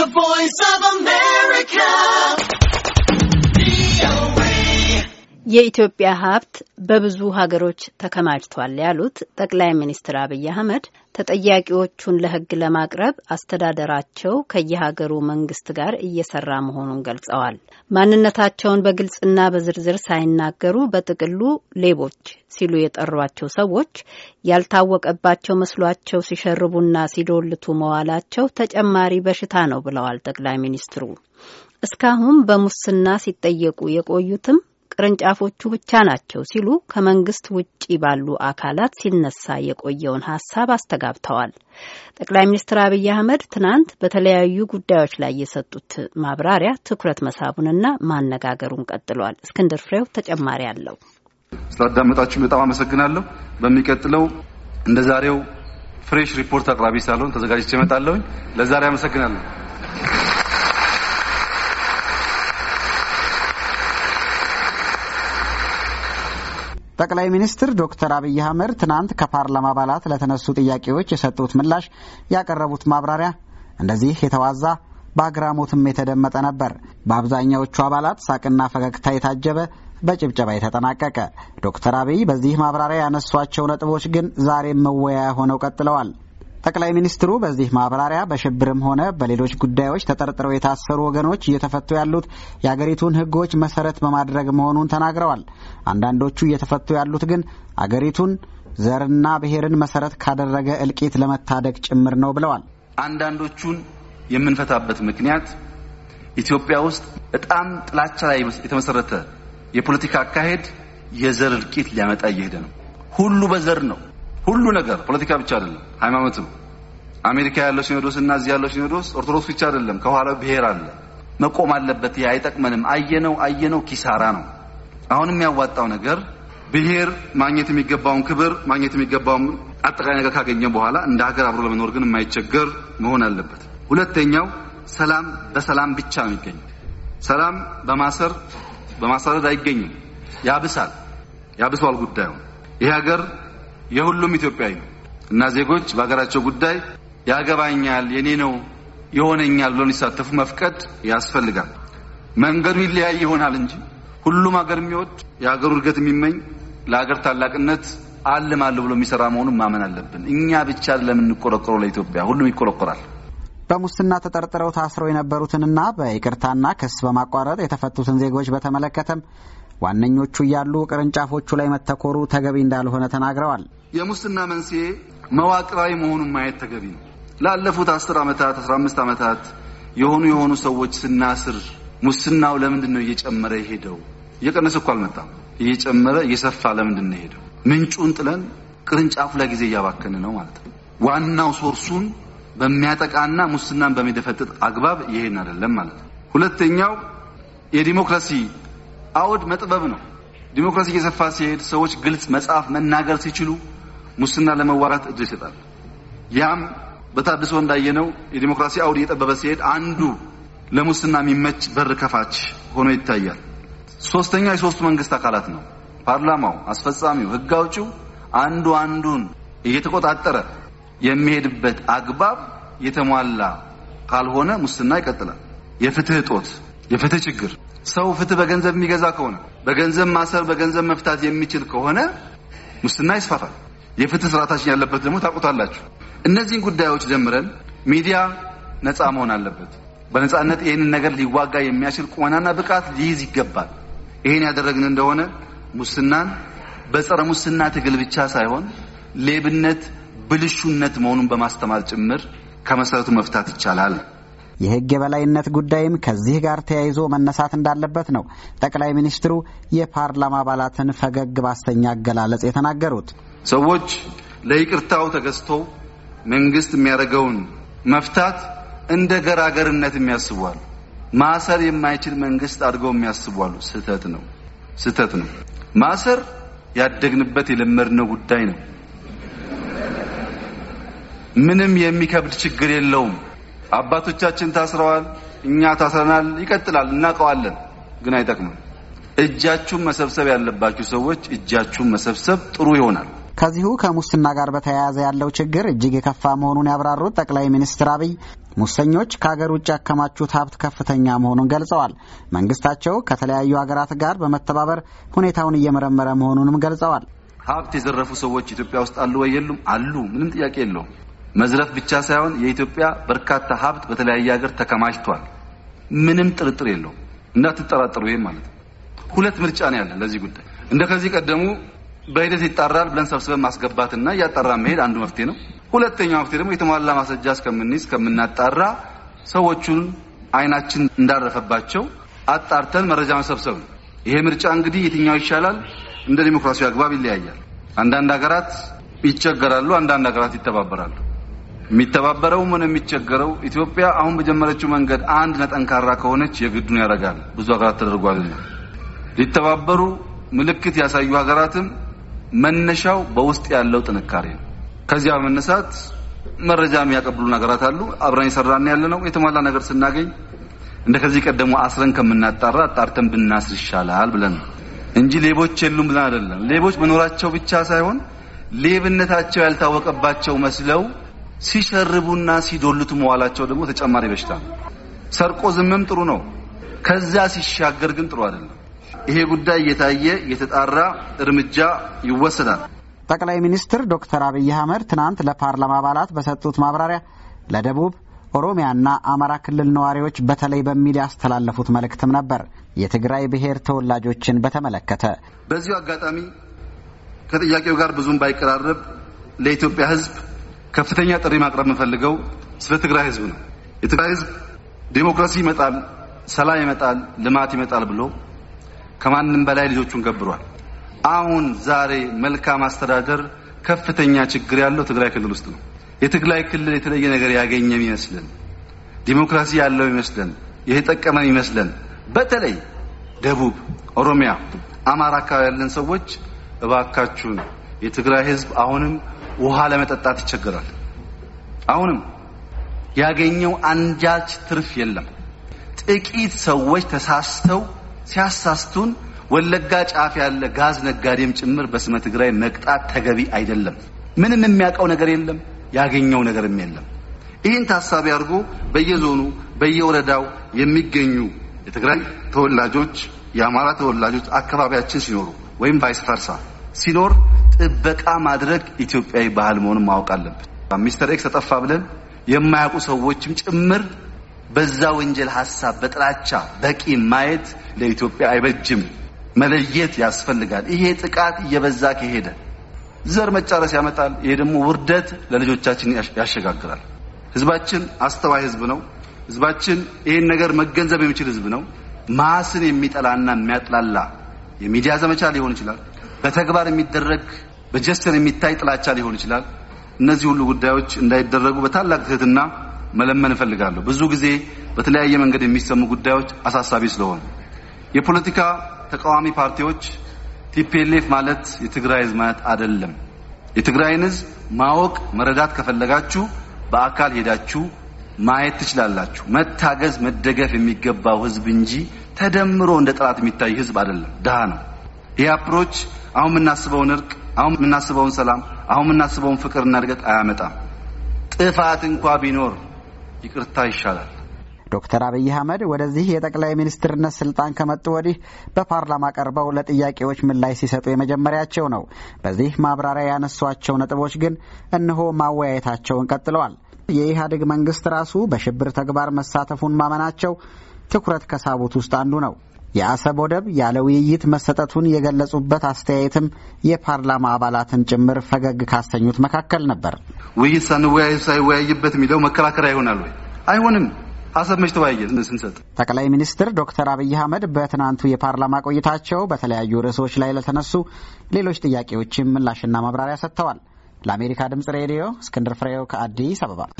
The Voice of man. የኢትዮጵያ ሀብት በብዙ ሀገሮች ተከማችቷል ያሉት ጠቅላይ ሚኒስትር አብይ አህመድ ተጠያቂዎቹን ለሕግ ለማቅረብ አስተዳደራቸው ከየሀገሩ መንግስት ጋር እየሰራ መሆኑን ገልጸዋል። ማንነታቸውን በግልጽና በዝርዝር ሳይናገሩ በጥቅሉ ሌቦች ሲሉ የጠሯቸው ሰዎች ያልታወቀባቸው መስሏቸው ሲሸርቡና ሲዶልቱ መዋላቸው ተጨማሪ በሽታ ነው ብለዋል ጠቅላይ ሚኒስትሩ። እስካሁን በሙስና ሲጠየቁ የቆዩትም ቅርንጫፎቹ ብቻ ናቸው ሲሉ ከመንግስት ውጪ ባሉ አካላት ሲነሳ የቆየውን ሀሳብ አስተጋብተዋል። ጠቅላይ ሚኒስትር አብይ አህመድ ትናንት በተለያዩ ጉዳዮች ላይ የሰጡት ማብራሪያ ትኩረት መሳቡንና ማነጋገሩን ቀጥሏል። እስክንድር ፍሬው ተጨማሪ አለው። ስላዳመጣችሁ በጣም አመሰግናለሁ። በሚቀጥለው እንደ ዛሬው ፍሬሽ ሪፖርት አቅራቢ ሳልሆን ተዘጋጅቼ እመጣለሁኝ። ለዛሬ አመሰግናለሁ። ጠቅላይ ሚኒስትር ዶክተር አብይ አህመድ ትናንት ከፓርላማ አባላት ለተነሱ ጥያቄዎች የሰጡት ምላሽ፣ ያቀረቡት ማብራሪያ እንደዚህ የተዋዛ በአግራሞትም የተደመጠ ነበር። በአብዛኛዎቹ አባላት ሳቅና ፈገግታ የታጀበ በጭብጨባ የተጠናቀቀ። ዶክተር አብይ በዚህ ማብራሪያ ያነሷቸው ነጥቦች ግን ዛሬም መወያያ ሆነው ቀጥለዋል። ጠቅላይ ሚኒስትሩ በዚህ ማብራሪያ በሽብርም ሆነ በሌሎች ጉዳዮች ተጠርጥረው የታሰሩ ወገኖች እየተፈቱ ያሉት የአገሪቱን ሕጎች መሰረት በማድረግ መሆኑን ተናግረዋል። አንዳንዶቹ እየተፈቱ ያሉት ግን አገሪቱን ዘርና ብሔርን መሰረት ካደረገ እልቂት ለመታደግ ጭምር ነው ብለዋል። አንዳንዶቹን የምንፈታበት ምክንያት ኢትዮጵያ ውስጥ በጣም ጥላቻ ላይ የተመሰረተ የፖለቲካ አካሄድ የዘር እልቂት ሊያመጣ እየሄደ ነው። ሁሉ በዘር ነው ሁሉ ነገር ፖለቲካ ብቻ አይደለም፣ ሃይማኖትም። አሜሪካ ያለው ሲኖዶስ እና እዚህ ያለው ሲኖዶስ ኦርቶዶክስ ብቻ አይደለም፣ ከኋላ ብሔር አለ። መቆም አለበት። ይህ አይጠቅመንም፣ አየነው አየነው፣ ኪሳራ ነው። አሁን የሚያዋጣው ነገር ብሔር ማግኘት የሚገባውን ክብር ማግኘት የሚገባውን አጠቃላይ ነገር ካገኘ በኋላ እንደ ሀገር አብሮ ለመኖር ግን የማይቸገር መሆን አለበት። ሁለተኛው ሰላም በሰላም ብቻ ነው የሚገኝ። ሰላም በማሰር በማሳረድ አይገኝም። ያብሳል፣ ያብሷል ጉዳዩ ይህ ሀገር የሁሉም ኢትዮጵያዊ ነው እና ዜጎች በሀገራቸው ጉዳይ ያገባኛል፣ የኔ ነው፣ ይሆነኛል ብሎ ሊሳተፉ መፍቀድ ያስፈልጋል። መንገዱ ይለያይ ይሆናል እንጂ ሁሉም ሀገር የሚወድ የሀገሩ እድገት የሚመኝ ለሀገር ታላቅነት አልማለሁ ብሎ የሚሰራ መሆኑን ማመን አለብን። እኛ ብቻ ለምንቆረቆረው ለኢትዮጵያ ሁሉም ይቆረቆራል። በሙስና ተጠርጥረው ታስረው የነበሩትንና በይቅርታና ክስ በማቋረጥ የተፈቱትን ዜጎች በተመለከተም ዋነኞቹ እያሉ ቅርንጫፎቹ ላይ መተኮሩ ተገቢ እንዳልሆነ ተናግረዋል። የሙስና መንስኤ መዋቅራዊ መሆኑን ማየት ተገቢ ነው። ላለፉት አስር ዓመታት አስራ አምስት ዓመታት የሆኑ የሆኑ ሰዎች ስናስር ሙስናው ለምንድን ነው እየጨመረ የሄደው? እየቀነሰ እኮ አልመጣም። እየጨመረ እየሰፋ ለምንድን ነው የሄደው? ምንጩን ጥለን ቅርንጫፉ ላይ ጊዜ እያባከነ ነው ማለት ነው። ዋናው ሶርሱን በሚያጠቃና ሙስናን በሚደፈጥጥ አግባብ ይሄን አይደለም ማለት ነው። ሁለተኛው የዲሞክራሲ አውድ መጥበብ ነው። ዲሞክራሲ እየሰፋ ሲሄድ ሰዎች ግልጽ መጻፍ መናገር ሲችሉ ሙስና ለመዋራት እድል ይሰጣል። ያም በታድሶ እንዳየነው የዲሞክራሲ አውድ እየጠበበ ሲሄድ አንዱ ለሙስና የሚመች በር ከፋች ሆኖ ይታያል። ሶስተኛ የሶስቱ መንግስት አካላት ነው። ፓርላማው፣ አስፈጻሚው፣ ህግ አውጪው አንዱ አንዱን እየተቆጣጠረ የሚሄድበት አግባብ የተሟላ ካልሆነ ሙስና ይቀጥላል። የፍትህ እጦት፣ የፍትህ ችግር ሰው ፍትህ በገንዘብ የሚገዛ ከሆነ በገንዘብ ማሰር፣ በገንዘብ መፍታት የሚችል ከሆነ ሙስና ይስፋፋል። የፍትህ ስርዓታችን ያለበት ደግሞ ታውቁታላችሁ። እነዚህን ጉዳዮች ጀምረን ሚዲያ ነፃ መሆን አለበት። በነፃነት ይህንን ነገር ሊዋጋ የሚያችል ቁመናና ብቃት ሊይዝ ይገባል። ይህን ያደረግን እንደሆነ ሙስናን በጸረ ሙስና ትግል ብቻ ሳይሆን ሌብነት፣ ብልሹነት መሆኑን በማስተማር ጭምር ከመሰረቱ መፍታት ይቻላል። የህግ የበላይነት ጉዳይም ከዚህ ጋር ተያይዞ መነሳት እንዳለበት ነው ጠቅላይ ሚኒስትሩ የፓርላማ አባላትን ፈገግ ባሰኛ አገላለጽ የተናገሩት። ሰዎች ለይቅርታው ተገዝተው መንግስት የሚያደርገውን መፍታት እንደ ገራገርነት የሚያስቧል። ማሰር የማይችል መንግስት አድርገው የሚያስቧሉ። ስህተት ነው፣ ስህተት ነው። ማሰር ያደግንበት የለመድነው ጉዳይ ነው። ምንም የሚከብድ ችግር የለውም። አባቶቻችን ታስረዋል፣ እኛ ታስረናል፣ ይቀጥላል፣ እናውቀዋለን። ግን አይጠቅምም። እጃችሁን መሰብሰብ ያለባችሁ ሰዎች እጃችሁን መሰብሰብ ጥሩ ይሆናል። ከዚሁ ከሙስና ጋር በተያያዘ ያለው ችግር እጅግ የከፋ መሆኑን ያብራሩት ጠቅላይ ሚኒስትር አብይ ሙሰኞች ከሀገር ውጭ ያከማቹት ሀብት ከፍተኛ መሆኑን ገልጸዋል። መንግስታቸው ከተለያዩ ሀገራት ጋር በመተባበር ሁኔታውን እየመረመረ መሆኑንም ገልጸዋል። ሀብት የዘረፉ ሰዎች ኢትዮጵያ ውስጥ አሉ ወይ? የሉም? አሉ። ምንም ጥያቄ የለውም። መዝረፍ ብቻ ሳይሆን የኢትዮጵያ በርካታ ሀብት በተለያየ ሀገር ተከማችቷል። ምንም ጥርጥር የለው እንዳትጠራጠሩ። ይሄም ማለት ነው ሁለት ምርጫ ነው ያለን ለዚህ ጉዳይ እንደ ከዚህ ቀደሙ በሂደት ይጣራል ብለን ሰብስበን ማስገባትና እያጣራ መሄድ አንዱ መፍትሄ ነው። ሁለተኛው መፍትሄ ደግሞ የተሟላ ማስረጃ እስከምንይዝ እስከምናጣራ ሰዎቹን አይናችን እንዳረፈባቸው አጣርተን መረጃ መሰብሰብ ነው። ይሄ ምርጫ እንግዲህ የትኛው ይሻላል እንደ ዲሞክራሲ አግባብ ይለያያል። አንዳንድ ሀገራት ይቸገራሉ፣ አንዳንድ ሀገራት ይተባበራሉ። የሚተባበረው ምን የሚቸገረው ኢትዮጵያ አሁን በጀመረችው መንገድ አንድ ነጠንካራ ከሆነች የግዱን ያደርጋል። ብዙ ሀገራት ተደርጓል። ሊተባበሩ ምልክት ያሳዩ ሀገራትም መነሻው በውስጥ ያለው ጥንካሬ ነው። ከዚያ በመነሳት መረጃ የሚያቀብሉን ሀገራት አሉ። አብረን የሰራን ያለ ነው። የተሟላ ነገር ስናገኝ እንደ ከዚህ ቀደሙ አስረን ከምናጣራ አጣርተን ብናስር ይሻላል ብለን እንጂ ሌቦች የሉም ብለን አይደለም። ሌቦች መኖራቸው ብቻ ሳይሆን ሌብነታቸው ያልታወቀባቸው መስለው ሲሸርቡና ሲዶሉት መዋላቸው ደግሞ ተጨማሪ በሽታ ነው። ሰርቆ ዝምም ጥሩ ነው። ከዛ ሲሻገር ግን ጥሩ አይደለም። ይሄ ጉዳይ እየታየ የተጣራ እርምጃ ይወሰዳል። ጠቅላይ ሚኒስትር ዶክተር አብይ አህመድ ትናንት ለፓርላማ አባላት በሰጡት ማብራሪያ ለደቡብ ኦሮሚያና አማራ ክልል ነዋሪዎች በተለይ በሚል ያስተላለፉት መልእክትም ነበር የትግራይ ብሔር ተወላጆችን በተመለከተ። በዚሁ አጋጣሚ ከጥያቄው ጋር ብዙም ባይቀራረብ ለኢትዮጵያ ሕዝብ ከፍተኛ ጥሪ ማቅረብ የምፈልገው ስለ ትግራይ ህዝብ ነው። የትግራይ ህዝብ ዴሞክራሲ ይመጣል፣ ሰላም ይመጣል፣ ልማት ይመጣል ብሎ ከማንም በላይ ልጆቹን ገብሯል። አሁን ዛሬ መልካም አስተዳደር ከፍተኛ ችግር ያለው ትግራይ ክልል ውስጥ ነው። የትግራይ ክልል የተለየ ነገር ያገኘ ይመስለን፣ ዲሞክራሲ ያለው ይመስለን፣ የተጠቀመን ይመስለን። በተለይ ደቡብ፣ ኦሮሚያ፣ አማራ አካባቢ ያለን ሰዎች እባካችሁን የትግራይ ህዝብ አሁንም ውሃ ለመጠጣት ይቸገራል። አሁንም ያገኘው አንጃች ትርፍ የለም። ጥቂት ሰዎች ተሳስተው ሲያሳስቱን ወለጋ ጫፍ ያለ ጋዝ ነጋዴም ጭምር በስመ ትግራይ መቅጣት ተገቢ አይደለም። ምንም የሚያውቀው ነገር የለም፣ ያገኘው ነገርም የለም። ይህን ታሳቢ አድርጎ በየዞኑ በየወረዳው የሚገኙ የትግራይ ተወላጆች፣ የአማራ ተወላጆች አካባቢያችን ሲኖሩ ወይም ቫይስ ቨርሳ ሲኖር ጥበቃ ማድረግ ኢትዮጵያዊ ባህል መሆኑን ማወቅ አለብን። ሚስተር ኤክስ ተጠፋ ብለን የማያውቁ ሰዎችም ጭምር በዛ ወንጀል ሀሳብ በጥላቻ በቂ ማየት ለኢትዮጵያ አይበጅም። መለየት ያስፈልጋል። ይሄ ጥቃት እየበዛ ከሄደ ዘር መጫረስ ያመጣል። ይሄ ደግሞ ውርደት ለልጆቻችን ያሸጋግራል። ህዝባችን አስተዋይ ህዝብ ነው። ህዝባችን ይህን ነገር መገንዘብ የሚችል ህዝብ ነው። ማስን የሚጠላና የሚያጥላላ የሚዲያ ዘመቻ ሊሆን ይችላል። በተግባር የሚደረግ በጀስቸር የሚታይ ጥላቻ ሊሆን ይችላል። እነዚህ ሁሉ ጉዳዮች እንዳይደረጉ በታላቅ ትህትና መለመን እፈልጋለሁ። ብዙ ጊዜ በተለያየ መንገድ የሚሰሙ ጉዳዮች አሳሳቢ ስለሆኑ የፖለቲካ ተቃዋሚ ፓርቲዎች ቲፒኤልኤፍ ማለት የትግራይ ህዝብ ማለት አይደለም። የትግራይን ህዝብ ማወቅ መረዳት ከፈለጋችሁ በአካል ሄዳችሁ ማየት ትችላላችሁ። መታገዝ መደገፍ የሚገባው ህዝብ እንጂ ተደምሮ እንደ ጠላት የሚታይ ህዝብ አይደለም። ድሃ ነው። ይህ አፕሮች አሁን የምናስበውን እርቅ አሁን የምናስበውን ሰላም፣ አሁን የምናስበውን ፍቅርና እድገት አያመጣም። ጥፋት እንኳ ቢኖር ይቅርታ ይሻላል። ዶክተር አብይ አህመድ ወደዚህ የጠቅላይ ሚኒስትርነት ስልጣን ከመጡ ወዲህ በፓርላማ ቀርበው ለጥያቄዎች ምላሽ ሲሰጡ የመጀመሪያቸው ነው። በዚህ ማብራሪያ ያነሷቸው ነጥቦች ግን እነሆ ማወያየታቸውን ቀጥለዋል። የኢህአዴግ መንግስት ራሱ በሽብር ተግባር መሳተፉን ማመናቸው ትኩረት ከሳቡት ውስጥ አንዱ ነው። የአሰብ ወደብ ያለ ውይይት መሰጠቱን የገለጹበት አስተያየትም የፓርላማ አባላትን ጭምር ፈገግ ካሰኙት መካከል ነበር። ውይይት ሳንወያዩ ሳይወያይበት የሚለው መከራከሪያ ይሆናል ወይ? አይሆንም። አሰብ መች ተወያየ ስንሰጥ። ጠቅላይ ሚኒስትር ዶክተር አብይ አህመድ በትናንቱ የፓርላማ ቆይታቸው በተለያዩ ርዕሶች ላይ ለተነሱ ሌሎች ጥያቄዎችም ምላሽና ማብራሪያ ሰጥተዋል። ለአሜሪካ ድምጽ ሬዲዮ እስክንድር ፍሬው ከአዲስ አበባ